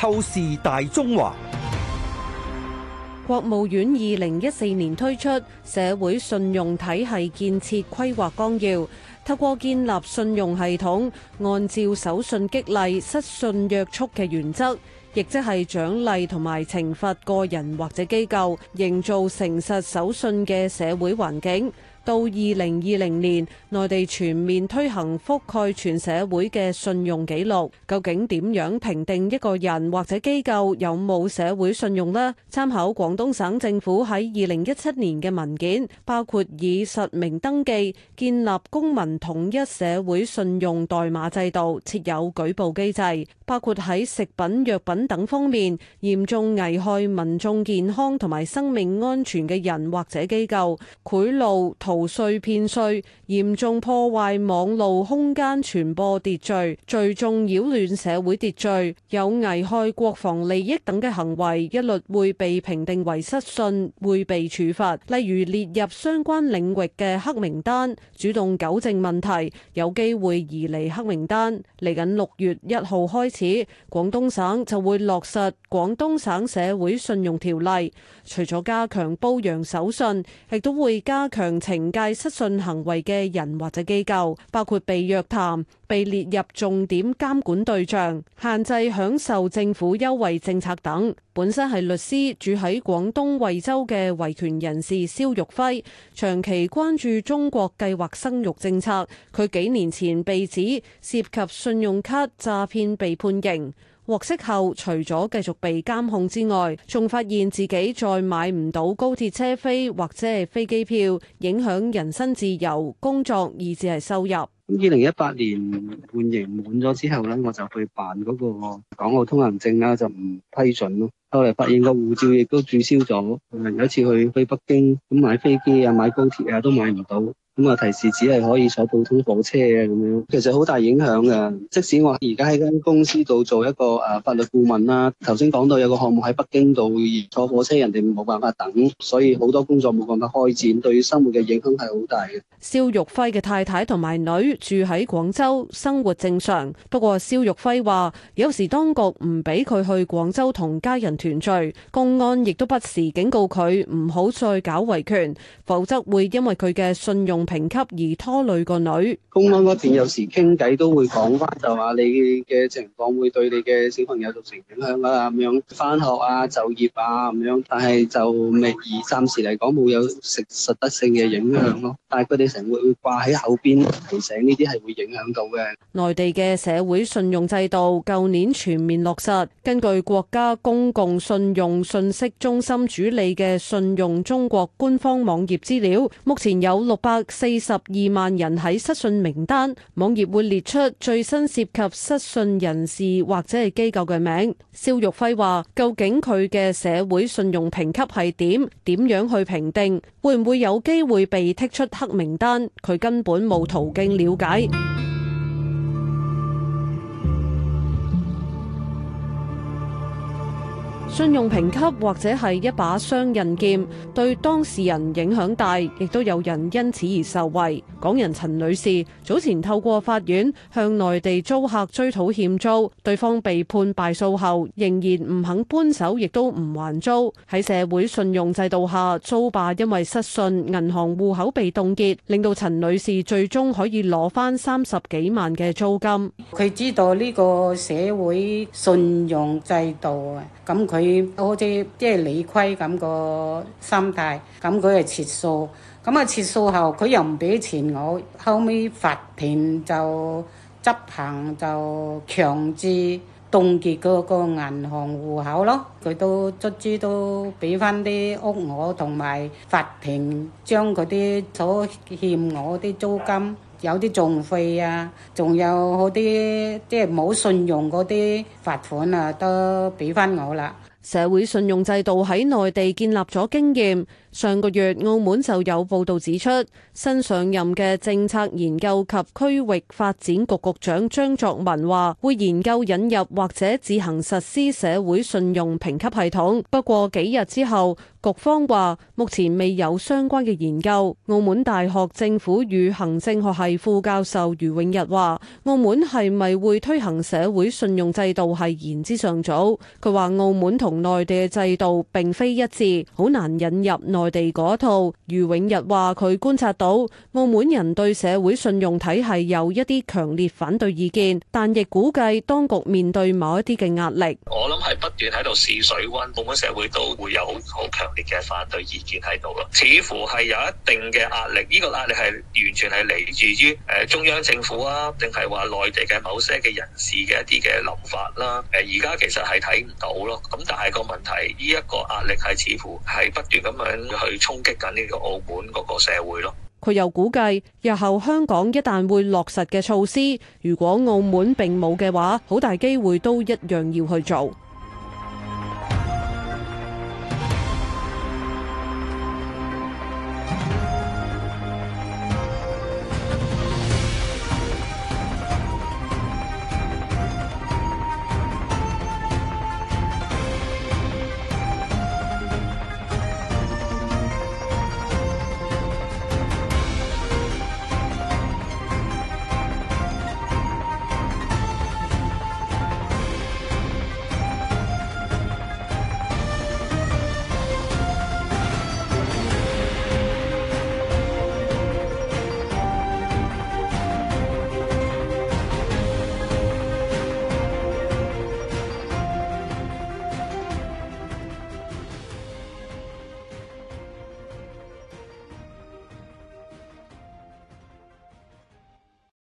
透視大中華，國務院亦即係獎勵同埋懲罰個人或者機構，營造誠實守信嘅社會環境。到二零二零年，內地全面推行覆蓋全社會嘅信用記錄。究竟點樣評定一個人或者機構有冇社會信用呢？參考廣東省政府喺二零一七年嘅文件，包括以實名登記、建立公民統一社會信用代碼制度、設有舉報機制，包括喺食品藥品。等方面嚴重危害民眾健康同埋生命安全嘅人或者機構，賄賂、逃稅、騙稅，嚴重破壞網絡空間傳播秩序，聚眾擾亂社會秩序，有危害國防利益等嘅行為，一律會被評定為失信，會被處罰，例如列入相關領域嘅黑名單，主動糾正問題，有機會移離黑名單。嚟緊六月一號開始，廣東省就會。落實廣東省社會信用條例，除咗加強褒揚守信，亦都會加強懲戒失信行為嘅人或者機構，包括被約談、被列入重點監管對象、限制享受政府優惠政策等。本身係律師，住喺廣東惠州嘅維權人士肖玉輝，長期關注中國計劃生育政策。佢幾年前被指涉及信用卡詐騙被判刑。獲釋後，除咗繼續被監控之外，仲發現自己再買唔到高鐵車飛或者係飛機票，影響人身自由、工作，以至係收入。二零一八年緩刑滿咗之後呢，我就去辦嗰個港澳通行證啦，啊，就唔批准咯。後來發現個護照亦都註銷咗，有一次去去北京咁買飛機啊，買高鐵啊，都買唔到。咁啊，提示只係可以坐普通火車啊，咁樣其實好大影響噶。即使我而家喺間公司度做一個誒法律顧問啦，頭先講到有個項目喺北京度，而坐火車人哋冇辦法等，所以好多工作冇辦法開展，對於生活嘅影響係好大嘅。肖玉輝嘅太太同埋女住喺廣州，生活正常。不過肖玉輝話，有時當局唔俾佢去廣州同家人團聚，公安亦都不時警告佢唔好再搞維權，否則會因為佢嘅信用評級而拖累個女，公安嗰邊有時傾偈都會講返，就話你嘅情況會對你嘅小朋友造成影響啦，咁樣返學啊、就業啊，咁樣。但係就未而暫時嚟講冇有實實質性嘅影響咯。但係佢哋成日會掛喺口邊提醒呢啲係會影響到嘅。內地嘅社會信用制度舊年全面落實，根據國家公共信用信息中心主理嘅信用中國官方網頁資料，目前有六百。四十二萬人喺失信名單，網頁會列出最新涉及失信人士或者係機構嘅名。肖玉輝話，究竟佢嘅社會信用評級係點？點樣去評定？會唔會有機會被剔出黑名單？佢根本冇途徑了解。信用評級或者係一把雙刃劍，對當事人影響大，亦都有人因此而受惠。港人陳女士早前透過法院向內地租客追討欠租，對方被判敗訴後仍然唔肯搬走，亦都唔還租。喺社會信用制度下，租霸因為失信，銀行戶口被凍結，令到陳女士最終可以攞翻三十幾萬嘅租金。佢知道呢個社會信用制度啊，咁佢。佢好似即係理虧咁個心態，咁佢係撤訴，咁啊撤訴後佢又唔俾錢我，後尾法庭就執行就強制凍結嗰個銀行戶口咯，佢都卒之都俾翻啲屋我，同埋法庭將嗰啲所欠我啲租金，有啲仲費啊，仲有嗰啲即係冇信用嗰啲罰款啊，都俾翻我啦。社會信用制度喺內地建立咗經驗。上個月澳門就有報道指出，新上任嘅政策研究及區域發展局局長張作文話，會研究引入或者自行實施社會信用評級系統。不過幾日之後，局方話目前未有相關嘅研究。澳門大學政府與行政學系副教授余永逸話，澳門係咪會推行社會信用制度係言之尚早。佢話澳門同內地嘅制度並非一致，好難引入內地嗰套。余永逸話佢觀察到澳門人對社會信用體系有一啲強烈反對意見，但亦估計當局面對某一啲嘅壓力。我諗係不斷喺度試水温，澳門社會都會有好強。嘅反對意見喺度咯，似乎係有一定嘅壓力，呢個壓力係完全係嚟自於誒中央政府啊，定係話內地嘅某些嘅人士嘅一啲嘅諗法啦。誒而家其實係睇唔到咯，咁但係個問題，呢一個壓力係似乎係不斷咁樣去衝擊緊呢個澳門嗰個社會咯。佢又估計，日後香港一旦會落實嘅措施，如果澳門並冇嘅話，好大機會都一樣要去做。